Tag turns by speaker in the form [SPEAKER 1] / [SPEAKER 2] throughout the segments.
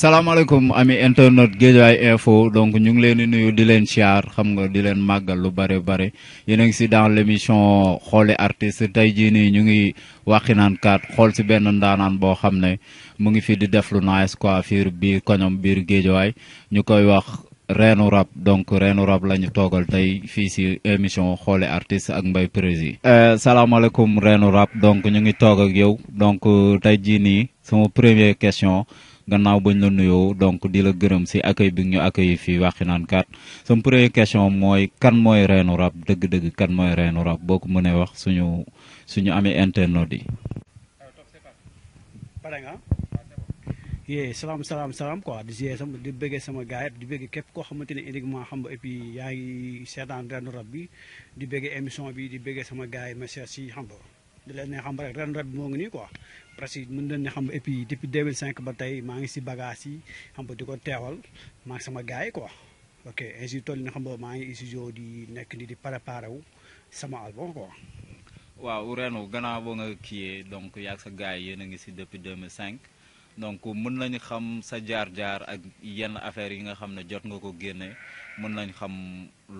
[SPEAKER 1] salaamaaleykum ami internet Guédiawaye info donc ñu ngi leen di nuyu di leen siyaar xam nga di leen màggal lu bare bare yéen a ngi si dans l' émission xooli artist tey jii nii ñu ngi waxinaan kat xool si benn ndaanaan boo xam ne mu ngi fi di def lu nice coiffure biir koñom biir Guédiawaye ñu koy wax reenu rab donc reenu rab la ñu toogal tey fii si émission xooli artiste ak mbay Mbaye Prési euh, salaamaaleykum reenu rab donc ñu ngi toog ak yow donc euh, tey jii nii sama première question gannaaw bañ la nuyoo donc di la gërëm si accueil bi ñu accueilli fii Waxinaan 4 sama première question mooy kan mooy reenu rab dëgg-dëgg kan mooy reenu rab boo ko mënee wax suñu suñu amee internautes yi.
[SPEAKER 2] pare nga yee salaam salaam salaam quoi di siy sama di bëggee sama gars di bëggee képp koo xamante ni uniquement xam nga et yaa ngi seetaan reenu rab bi di bëggee émission bi di bëggee sama gars yi ma seet si xam nga di leen ne xam rek ren ren moo ngi nii quoi presque mën nañ ne xam et puis depuis 2005 ba tey maa ngi si bagage yi xam nga di ko teewal maa ngi sama gars yi quoi ok ainsi toll na xam nga maa ngi studio di nekk ni di préparé wu sama album quoi.
[SPEAKER 1] waaw Renu gannaaw ba nga kiiyee donc yaa sa gars yi yéen a ngi si depuis 2005 donc mën nañu xam sa jaar-jaar ak yenn affaires yi nga xam ne jot nga ko génne mën nañ xam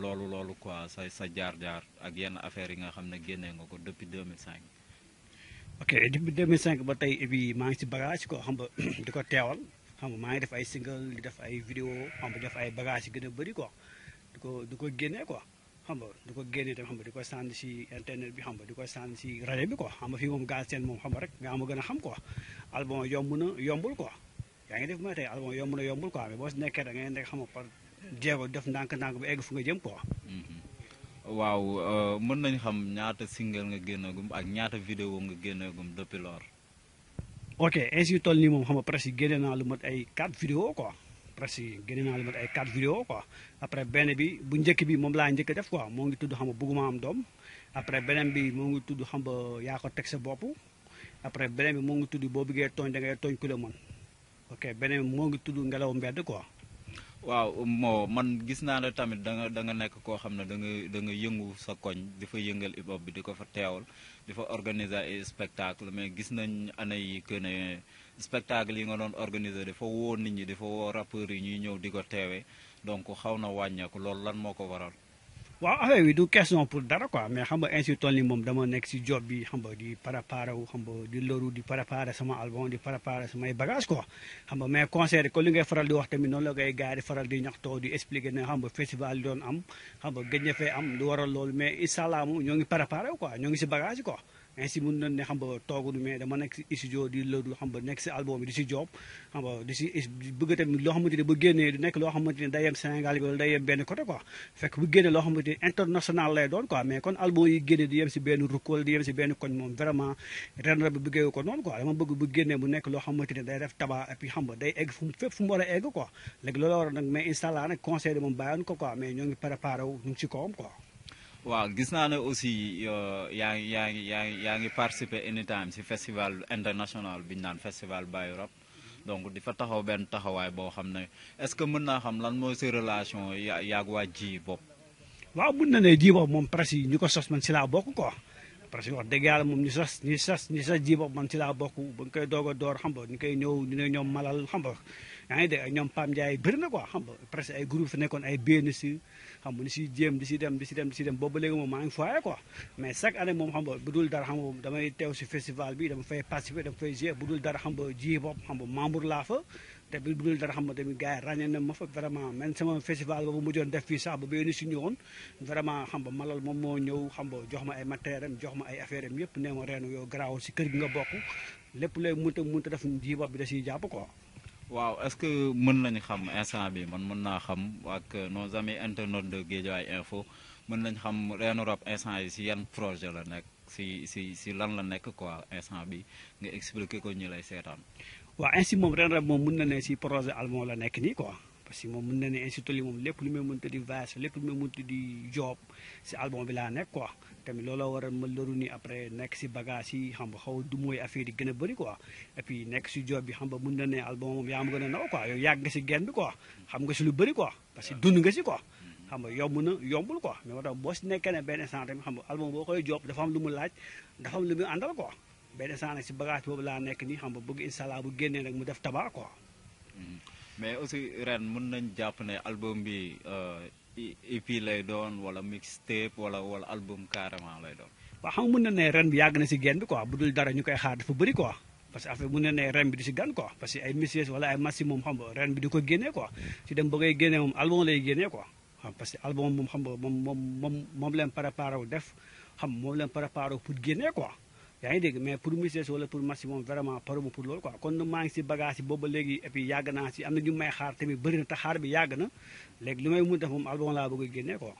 [SPEAKER 1] loolu loolu quoi sa sa jaar-jaar ak yenn affaires yi nga xam ne génne nga ko depuis 2005.
[SPEAKER 2] ok depuis 2005 ba tey et maa ngi si bagage ko xam nga di ko teewal xam nga maa ngi def ay single di def ay vidéo xam nga def ay bagage yu gën a bëri quoi di ko di ko génnee quoi xam nga di ko génnee tamit xam nga di ko sànni si internet bi xam nga di ko sànni si rajo bi ko xam nga fii moom gaal seen moom xam nga rek nga ama gën a xam quoi album yomb na yombul quoi yaa ngi def ma tey album yomb na yombul quoi am boo si nekkee da ngay nekk xam nga par jéego def ndànk-ndànk bu egg fu nga jëm quoi
[SPEAKER 1] mm-hmm. waaw euh, mën nañ xam ñaata single nga génneegum ak ñaata vidéo nga génneegum depuis lors.
[SPEAKER 2] ok ainsi toll nii moom xam nga presque génne naa lu mat ay 4 vidéo quoi presque génne naa lu mat ay 4 vidéo quoi après benn bi bu njëkk bi moom laa njëkk def quoi moo ngi tudd xam nga bëgguma am doom après beneen bi moo ngi tudd xam nga yaa ko teg sa bopp après beneen bi moo ngi tudd boo bëggee tooñ da tooñ ku la mën ok beneen bi moo ngi tudd ngelaw mbedd quoi.
[SPEAKER 1] waaw moo man gis naa ne tamit da nga da nga nekk koo xam ne da nga da nga yëngu sa koñ di yëngal hip hop bi di ko fa teewal di fa organiser ay spectacle mais gis nañ année yi que ne spectacle yi nga doon organiser dafa woo nit ñi dafa woo rappeurs yi ñuy ñëw di ko teewee donc xaw na wàññeeku loolu lan moo ko waral.
[SPEAKER 2] waaw affaire bi du question pour dara quoi mais xam nga ainsi toll ni moom dama nekk si job bi xam nga di préparer wu xam nga di loru di préparer sama album di préparer samay bagage quoi xam nga mais concert ko li ngay faral di wax tamit noonu la ngay gars faral di ñaxtoo di expliquer ne xam nga festival yi doon am xam nga gëj na fee am lu waral loolu mais incha ñoo ngi préparer wu quoi ñoo ngi si bagage yi ainsi mun nañ ne xam nga tooguñu dama nekk si di lëdu xam nga album di si job xam di si bëgg tamit loo xamante ne bu génnee du nekk loo xamante ne day loo xamante ne international lay doon quoi mais kon album yi génne di yem si benn rukk di yem si benn koñ moom vraiment ren rab bi ko noonu quoi dama bëgg bu génnee mu nekk loo xamante ne day def tabac et puis nga day egg fu mu fépp fu a egg quoi léegi loolu war nag mais conseil de moom bàyyoon ko quoi mais ñoo ngi préparé wu ñu ngi
[SPEAKER 1] waaw gis naa ne aussi euh, yaa ngi yaa ngi yaa ngi yaa ngi participer anytime si festival international bi ñu naan festival By Europe donc di fa taxaw benn taxawaay boo xam ne et ce que mën naa xam lan mooy sa relation yaag waa ji bopp.
[SPEAKER 2] waaw mun na ne ji bopp moom presse yi ñu ko sos man si laa bokk ko parce que wax dëgg yàlla moom ñu sos ñu sos ñu sos ji bopp man si laa bokk ba nga koy doog door xam nga ñu koy ñëw ñu ne ñoom malal xam nga yaa ngi de ñoom Pam Ndiaye bëri na quoi xam nga presque ay groupe fi nekkoon ay BNC xam nga di si jéem di si dem di si dem di si dem boobu léegi moom maa mais chaque année moom xam nga dul dara xam nga damay si festival bi dama fay participer dama fay xam nga membre laa fa te bu dul dara xam nga tamit gars yi ràññee na ma fa vraiment man sama festival boobu mujjoon def fii sax ba BNC ñëwoon vraiment xam nga malal moom moo ñëw xam nga jox ma ay matériel am jox ma ay affaire am yëpp nee ma reenu yow garaawul si kër gi nga bokk lépp léegi mënta mënta def ji bopp bi da siy jàpp quoi
[SPEAKER 1] waaw est-ce que mën nañu xam instant bi man mën naa xam ak nos amis internautes de Guédiawaye Info mën nañ xam Reenu Rab instant yi si yan projet la nekk si si si lan la nekk quoi instant bi nga expliquer ko ñu lay seetaan.
[SPEAKER 2] waa ainsi moom Reenu Rab moom mën na ne si projet allemand la nekk nii quoi. parce que moom mën na ne institut li moom lépp lu may mënta di voyage lépp lu may mënta di job si album bi laa nekk quoi tamit looloo a ma loru ni après nekk si bagage yi xam nga xaw du mooy affaire yi gën a bëri quoi et puis nekk si job bi xam nga mën na ne album moom yaa ma yàgg si genn bi quoi xam nga si lu bëri parce que dund nga si quoi xam nga yomb na yombul quoi mais moo boo si nekkee ne benn instant tamit xam nga album boo koy lu mu laaj dafa am lu mu àndal quoi benn instant si bagage boobu laa nekk nii xam ba bëgg incha bu génnee nag mu def tabaa ko
[SPEAKER 1] mais aussi ren mën nañ jàpp ne album bi EP euh, e lay doon wala mixtape wala wala album carrément lay doon.
[SPEAKER 2] waaw xam nga mën na ne ren bi yàgg na si genn bi quoi bu dul dara ñu koy xaar dafa bëri quoi. parce que affaire mën na ne ren bi du si gan quoi parce que ay messieurs wala ay massi moom xam nga ren bi du ko génnee quoi si dem ba koy génnee moom album lay génnee quoi waaw parce que album moom xam nga moom moom moom moom leen préparé wu def xam moom leen préparé wu pour génnee ko yaa ngi dégg mais pour Mrs wala pour Massi moom vraiment paruma pour loolu quoi kon maa ngi si bagage yi booba léegi et yàgg naa si am na ñu may xaar tamit bëri na te xaar bi yàgg na léegi li may mun def moom album laa bëgg a génne quoi.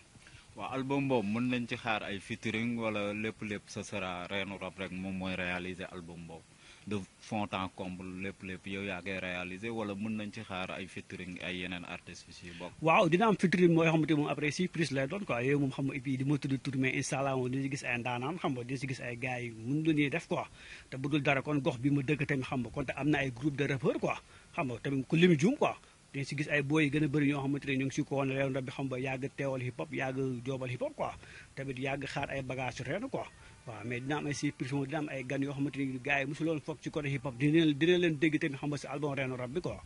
[SPEAKER 1] waaw album boobu mën nañ ci xaar ay featuring wala lépp lépp sa sera Reenu Rap rek moom mooy réaliser album boobu. de fond en comble lépp lépp yow yaa koy réaliser wala mun nañ ci xaar ay featuring ay yeneen artistes yu si bokk.
[SPEAKER 2] waaw dina am featuring mooy xamante moom après surprise lay doon quoi yooyu moom xam nga et puis di ma tudd tur mais incha dina si gis ay ndaanaan xam nga dina si gis ay gars yu mën lu def quoi te budul dara kon gox bi ma dëkk tamit xam nga konte am na ay groupe de rappeurs quoi xam nga tamit ku lim juum quoi. dañ si gis ay booy gën a bëri ñoo xamante ne ñu ngi si ko woon reenu bi xam ba yàgg teewal hip hop yàgg joobal hip hop quoi tamit yàgg xaar ay bagage su reenu quoi waaw mais dina am ay surprise dina am ay gan yoo xamante ni gars yi mosuloon foog ci côté hip hop dina dina leen dégg tamit xam nga si album reenu rab bi quoi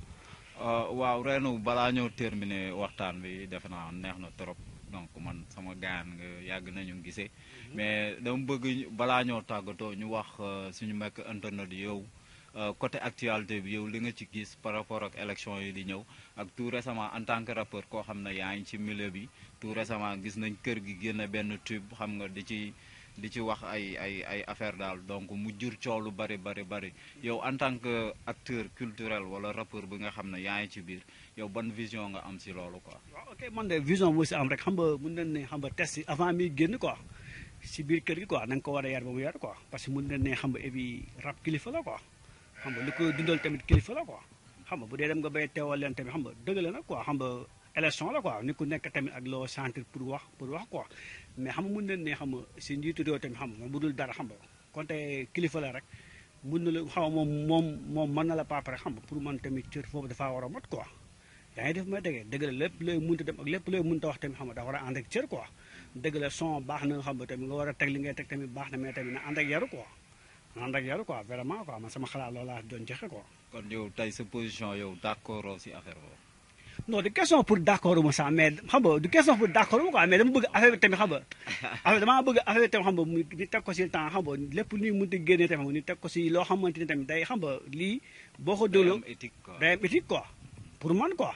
[SPEAKER 1] euh, waaw reenu balaa ñëw terminé waxtaan bi defe naa neex na trop donc man sama gaan nga yàgg nañu gisee mhm. mais dama bëgg balaa ñoo tàggatoo ñu wax euh, suñu mekk internet yow Euh, côté actualité bi yow li nga ci gis par rapport ak élection yi di ñëw ak tout récemment en tant que rappeur koo xam ne yaa ngi ci milieu bi tout récemment gis nañ kër gi génn benn tube xam nga di ci di ci wax ay ay ay affaire daal donc mu jur coow lu bari bari bari yow en tant que acteur culturel wala rappeur bi nga xam ne yaa ngi ci biir yow ban vision nga am si loolu quoi.
[SPEAKER 2] waaw ok man de vision moo am rek xam nga mun nañ ne xam nga test avant mi génn ko si biir kër gi quoi na ko war a yar ba mu yar quoi parce que mun nañ xam nga li ko dundal tamit kilifa la quoi xam nga bu dee dem nga bay teewal leen tamit xam nga dëgg la nag quoi xam nga élection la quoi ni ku nekk tamit ak loo sentir pour wax pour wax quoi mais xam nga mun nañ ne xam nga si njiitu réew tamit xam nga bu dul dara xam nga kon tey kilifa la rek mun na la xaw moom moom moom mën na la papare xam nga pour man tamit cër foofu dafaa war a mot quoi yaa ngi def may déggee dëgg la lépp looy munta dem ak lépp looy munta wax tamit xam nga dafa war a ànd ak cër quoi dëgg la son baax na nga xam nga tamit nga war a teg li ngay teg tamit baax na mais tamit na ànd ak yaru quoi ànd ak yar quoi vraiment quoi man sama xalaat loolu laa doon joxe quoi.
[SPEAKER 1] kon yow tey sa position yow d' accord si affaire boobu.
[SPEAKER 2] non du question pour d' accord mu sax mais xam nga du question pour d' accord mu quoi mais dama bëgg affaire bi tamit xam nga affaire damaa bëgg affaire bi tamit xam nga ñu teg ko si temps xam nga lépp luy mënti génne tamit ñu teg ko si loo xamante ni tamit day xam nga lii. boo ko déglu day am éthique quoi day am éthique quoi pour man quoi.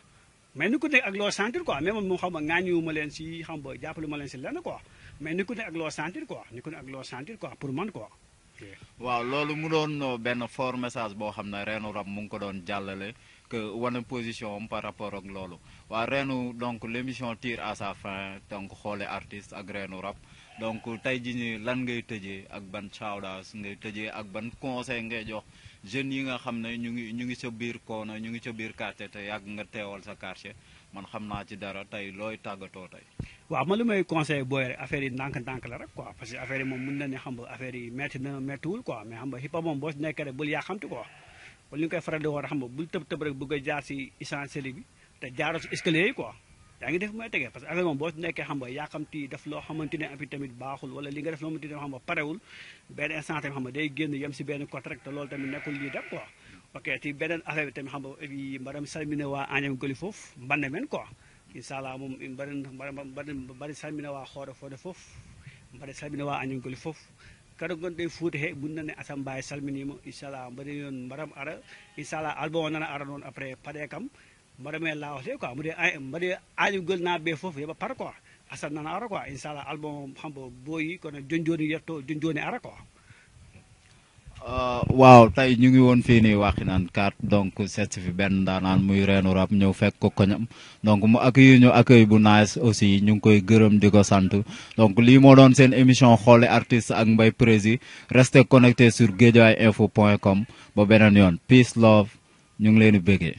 [SPEAKER 2] mais ni ku nekk ak loo sentir quoi mais moom xam nga ŋaañuwu ma leen si xam nga jàppale ma leen si lenn quoi mais ni ku nekk ak loo sentir quoi ni ku nekk ak loo sentir quoi pour man quoi.
[SPEAKER 1] waaw loolu mu doon euh, benn for message boo xam ne reenu rab mu ngi ko doon jàllale que wane position par rapport ak loolu waa reenu donc l' émission tire à sa fin donc xoole artist ak reenu rab donc tey ji ni lan ngay tëjee ak ban shout ngay tëjee ak ban conseil ngay jox jeunes yi nga xam ne ñu ngi ñu ngi sa biir koona ñu ngi sa biir quartier te yàgg nga teewal sa quartier man xam naa ci dara tey looy tàggatoo tey.
[SPEAKER 2] waaw man li may conseil booy rek affaire yi ndànk-ndànk la rek quoi parce que affaire yi moom mun na ne xam nga affaire yi métti na méttiwul quoi mais xam nga hip boo si nekkee xam nga bul tëb a jaar si essentiel bi te jaaroo si escalier loo xamante ne abi baaxul wala li nga def loo xamante ne xam nga parewul benn instant tamit xam nga day génn yem si benn côté rek te loolu tamit nekkul lii def quoi ok ti beneen affaire tamit xam nga mbaɗam salminowa Agnam goli fof mbanɗe men quoi inchallah mum mbaɗen mbaɗen salminowa hoore fode fof mbaɗen salminowa Agnam goli fof kala gonɗo e fouta he bunnane asan mbawi salminima inchallah mbaɗi noon mbaɗam ara inchallah album nana ara noon après paɗe kam mbaɗame lawate quoi mbaɗe mbaɗe Agnam goli naɓeɓe foof yooɓa par quoi asan nana ara quoi inchallah album hambo booyi kono jon joni yetto ara quoi Uh,
[SPEAKER 1] waaw tey ñu ngi woon fii nii Wakhinane 4 donc seet si fi benn daanaan muy reenu rab ñëw fekk ko koñam donc mu accueil ñu accueil bu nice aussi ñu ngi koy gërëm di ko sant donc lii moo doon seen émission xoole artist ak mbay Prési restez connecté sur guédiawaye info point com ba beneen yoon peace love ñu ngi leen di bëggee